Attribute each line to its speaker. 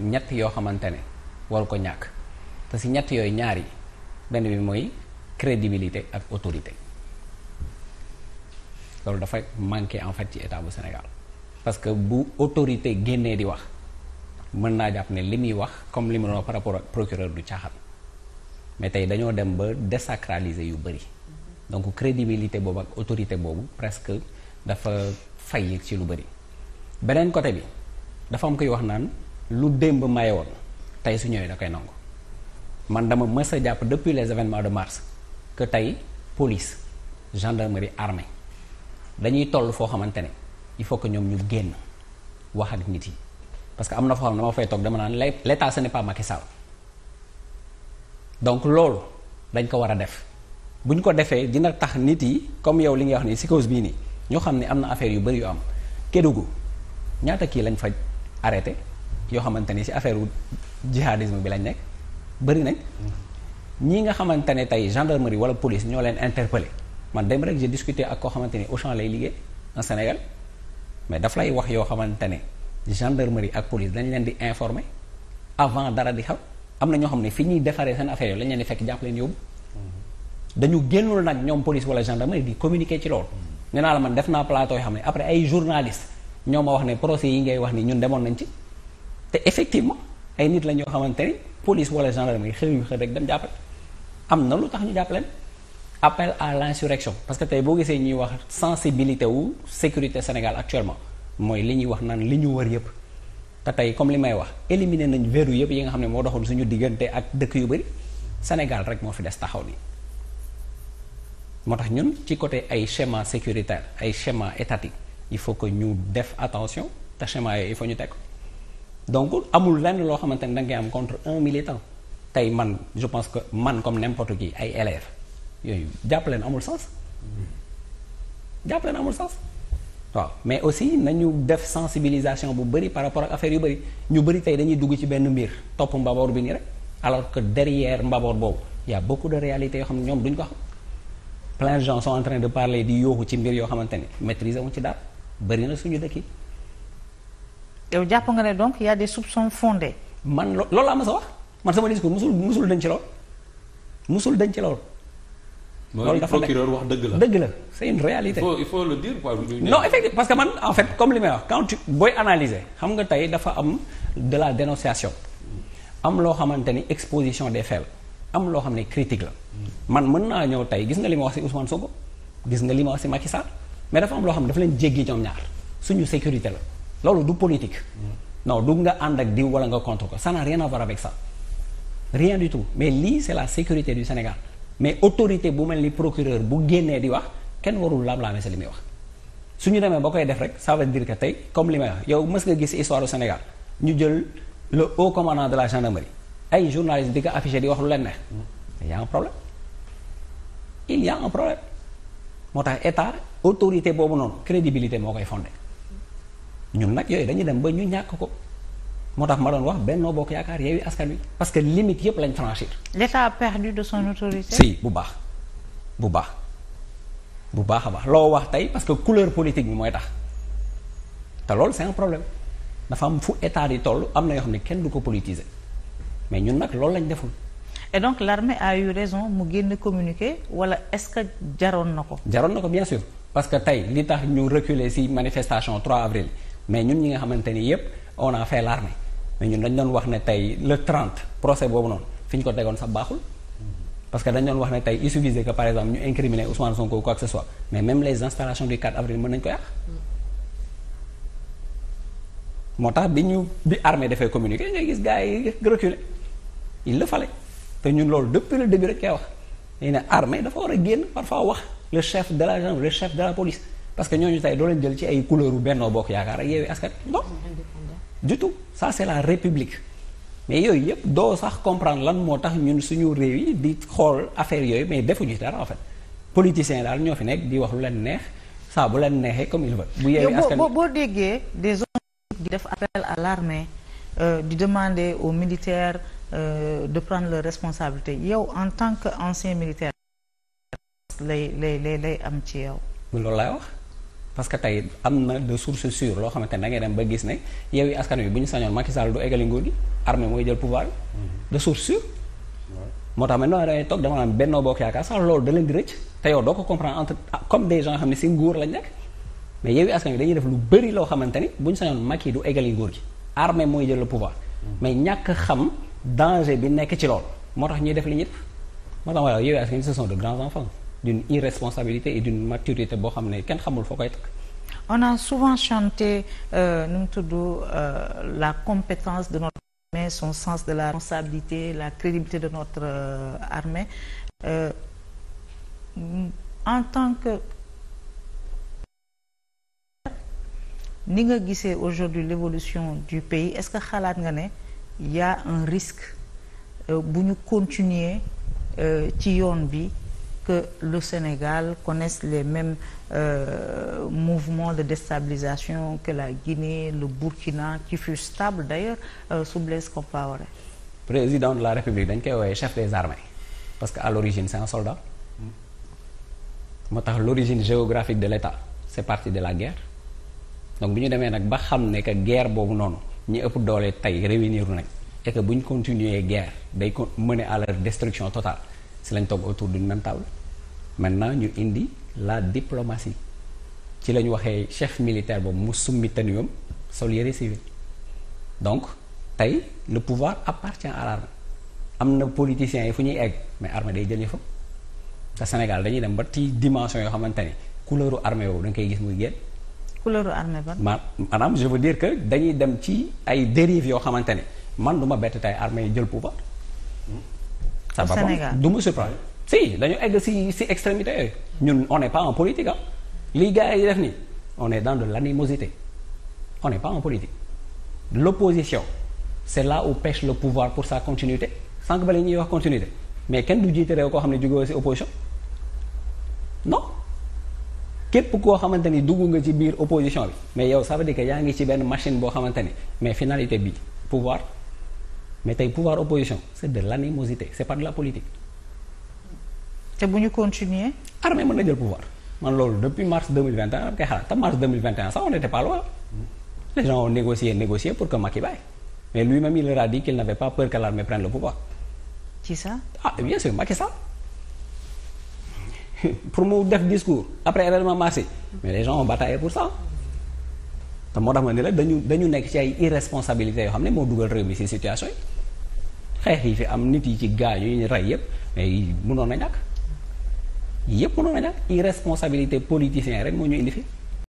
Speaker 1: ñett yoo xamante ne waru ko ñàkk te si ñett yooyu ñaar yi benn bi mooy crédibilité ak autorité loolu dafa manqué en fait ci état bu Sénégal parce que bu autorité génnee di wax mën naa jàpp ne li muy wax comme li mu doon par rapport ak procureur du caaxaan mais tey dañoo dem ba désacraliser yu bëri donc crédibilité boobu ak autorité boobu presque dafa fay ci lu bëri beneen côté bi dafa am koy wax naan lu démb maye woon tey su ñëwee da koy nangu man dama mës a jàpp depuis les événements de mars que tey police gendarmerie armée dañuy toll foo xamante ne il faut que ñoom ñu génn wax ak nit yi parce que am na foo xam dama fay toog dama naan l'état ce n'est pas Macky Sall donc loolu dañ ko war a def bu ñu ko defee dina tax nit yi comme yow li ngay wax ni si cause bii nii ñoo xam ne am na affaire yu bëri yu am Kédougou ñaata kii lañ faj arrêté yoo xamante ni ci affaire jihadisme bi lañ nekk bëri nañ ñii nga xamante ne tey gendarmerie wala police ñoo leen interpellé man dem rek j'ai discuté ak koo xamante ni Auchan lay liggéey en Sénégal mais daf lay wax yoo xamante ne gendarmerie ak police dañ leen di informer avant dara di xew am na ñoo xam ne fi ñuy defaree seen affaire yooyu lañ leen di fekk jàpp leen yóbbu dañu génnul nag ñoom police wala gendarmerie di communiquer ci loolu. nee def naa plateau yoo xam ne après ay journalistes ñoo ma wax ne procès yi ngay wax ni ñun demoon nañ ci. te effectivement ay nit la ñoo xamante ni police wala gendarmerie xëy ñu xëy rek dem jàppale am na lu tax ñu jàppale appel à l'insurrection parce que tey boo gisee ñuy wax sensibilité wu sécurité Sénégal actuellement mooy li ñuy wax naan li ñu wër yëpp te tey comme li may wax éliminer nañ verrou yëpp yi nga xam ne moo doxoon suñu diggante ak dëkk yu bëri Sénégal rek moo fi des taxaw nii moo tax ñun ci côté ay schéma sécuritaire ay schéma étatique il faut que ñu def attention te schéma yooyu il ñu teg donc amul lenn loo xamante ne da ngay am contre un militant tey man je pense que man comme n'importe qui ay élèves yooyu jàpp leen amul sens jàpp leen amul sens waaw mais aussi nañu def sensibilisation bu bëri par rapport ak affaire yu bari ñu bëri tey dañuy dugg ci benn mbir topp mbaboor bi nii rek alors que derrière mbaboor boobu y a beaucoup
Speaker 2: de réalités yoo xam ne ñoom duñ ko xam
Speaker 1: plein de gens sont en train de parler di yooxu ci mbir yoo xamante ni maîtriser wuñ ci daal bëri na suñu dëkk yi
Speaker 2: yow jàpp nga ne donc il y a des
Speaker 1: soupçons fondés. man loolu laa ma sa wax man sama discours musul musul dañ ci lool musul dañ ci lool.
Speaker 2: loolu dafa procureur wax dëgg la dëgg la c' une réalité. il faut le dire
Speaker 1: quoi. non effectivement parce que man en fait comme li may wax quand tu booy analyser xam nga tey dafa am de la dénonciation am loo xamante ni exposition des faits am loo xam ne critique la man mën naa ñëw tey gis nga li ma wax ci Ousmane Sonko gis nga li ma wax ci Macky mais dafa am loo xam ne dafa leen jéggi ñoom ñaar suñu sécurité la. loolu du politique non du nga ànd ak diw wala nga contre ko ça n'a rien à voir avec ça mais lii c'est la sécurité du Sénégal mais autorité bu mel ni procureur bu génnee di wax kenn warul laam-laame sa li may wax su ñu demee ba koy def rek ça veut dire que tey comme li may wax yow mës nga gis histoire du Sénégal ñu jël le haut commandant de la gendarmerie ay journaliste di ko affiché di wax lu leen neex il y a un problème il y a problème moo tax état autorité boobu noonu crédibilité moo koy fondé ñun nag yooyu dañuy dem ba ñu ñàkk ko moo tax ma doon wax benn Benno Bokk Yaakaar Yewwi Askan Wi parce que limite yëpp lañ franchir. l'État a perdu de son autorité. si bu baax bu baax bu baax a baax loo wax tey parce que couleur politique bi mooy tax te loolu c'est un problème dafa am fu état yi toll am na yoo xam ne kenn du ko politiser mais ñun nag loolu lañ deful.
Speaker 2: et donc l'armée a eu raison mu génn communiqué wala est-ce que jaroon na ko. jaroon na ko bien parce que tey li tax
Speaker 1: ñu reculer ci manifestation 3 avril. mais ñun ñi nga xamante ni yëpp on a fait mais ñun dañ doon wax ne tey le 30 procès boobu noonu fi ñu ko degoon sax baaxul parce que dañ doon wax ne tey il ko par exemple ñu incriminer Ousmane Sonko ou quoi que mais même les installations du 4 avril mën nañ ko yàq moo tax bi ñu bi armee dafay communiquer ngay gis gars yi reculer il le fallait te ñun loolu dëpp le début rek koy wax dañu ne armée dafa war a génn parfois wax le chef de la gendarmerie le chef la police parce que ñooñu tey doo leen jël ci ay couleur u Benno Bokk Yaakaar ak Yewwi Askan non du tout ça c'est la république mais yooyu yëpp doo sax comprendre lan moo tax ñun suñu réew yi di xool affaire yooyu mais defuñu dara en fait politiciens daal ñoo fi nekk di wax leen neex saa bu leen neexee comme il veut. bu Yewwi Askan boo
Speaker 2: boo déggee des hommes di def appel à l'armée euh, di demander aux militaires euh, de prendre responsabilité yow en tant que ancien militaire lay lay lay lay am ci yow.
Speaker 1: loolu laay wax. parce que tey am na de source sûre loo xamante ne da ngay dem ba gis ne Yewwi Askan Wi bu ñu sañoon Macky Sall du égali nguur gi armée mooy jël pouvoir mhm. moo tax man noonu da ngay toog dama naan Benno Bokk Yaakaar sax ah, mais Yewwi Askan Wi def lu bëri loo xamante ni bu ñu sañoon Macky du égali mooy jël le pouvoir mhm. mais ñàkk xam danger bi nekk ci lool moo tax ñuy def li ñëpp moo tax waaye Yewwi Askan Wi ce sont de grands enfants d'une irresponsabilité et d'une maturité boo xam ne kenn xamul foo koy takk
Speaker 2: on a souvent chanté euh, nu mu tudd euh, la compétence de notre armée son sens de la responsabilité la crédibilité de notre euh, euh en tant que ni nga gisee aujourd'hui l'évolution du pays est-ce que xalaat nga ne y a un risque euh, bu ñu continuer euh, ci yoon bi que le Sénégal connaisse les mêmes euh, mouvements de déstabilisation que la Guinée, le Burkina, qui fut stable d'ailleurs euh, sous Blaise Compaoré.
Speaker 1: Président de la République dañ koy woowee chef des armées parce que à l'origine c'est un moo tax l'origine géographique de l'État c'est parti de la guerre donc bu ñu demee nag ba xam ne que guerre boobu noonu ñi ëpp doole tey réunir nag et que bu ñu continuer guerre day ko mener à leur destruction totale si lañ toog autour d'une même table maintenant ñu indi la diplomatie ci la ñu waxee chef militaire boobu mu summi tenue-am yére civil donc tey le pouvoir appartient à am na politiciens yi fu ñuy egg mais armée day jëlee fa te Sénégal dañuy dem ba ti dimension yoo xamante ni couleuru armée boobu da nga koy gis muy génn.
Speaker 2: couleuru armée ban.
Speaker 1: maanaam je veux dire que dañuy dem ci ay dérives yoo xamante ni man du ma bett tey armée jël pouvoir. ça va du si dañu egg si si extrémité yooyu ñun on n'est pas en politique ah lii gars yi def nii on est dans de l'animosité on n'est pas en politique l'opposition c'est là où pêche le pouvoir pour sa continuité sànq ba la ñuy wax continuité mais kenn du jiite réew koo xam ne jógewoo si opposition non képp koo xamante ni dugg nga ci biir opposition bi mais yow ça veut dire yaa ngi ci benn machine boo xamante ni mais finalité bi pouvoir mais tey pouvoir opposition c'est de l'animosité c'est pas de la politique te bu ñu continuer armée mën na jël pouvoir man loolu depuis mars de dama koy xalaat te mars 2021 sax on n'était pas loin les gens ont négocié pour que Macky bàyyi mais luy même il leur a dit qu'il n'avait pas peur que l'armée prenne le pouvoir ci ça ah bien sûr Macky Sall pour mu def discours après événement mars mais les gens ont pour sax te moo tax ma ne la dañu dañu nekk ci ay irresponsabilités yoo xam ne moo dugal réew mi ci situation yi xeex yi fi am nit yi ci gaañu yi ñu rey yépp mais munoon
Speaker 2: yëpp mënoon a ñàkk irresponsabilité politicien rek moo ñu indi fi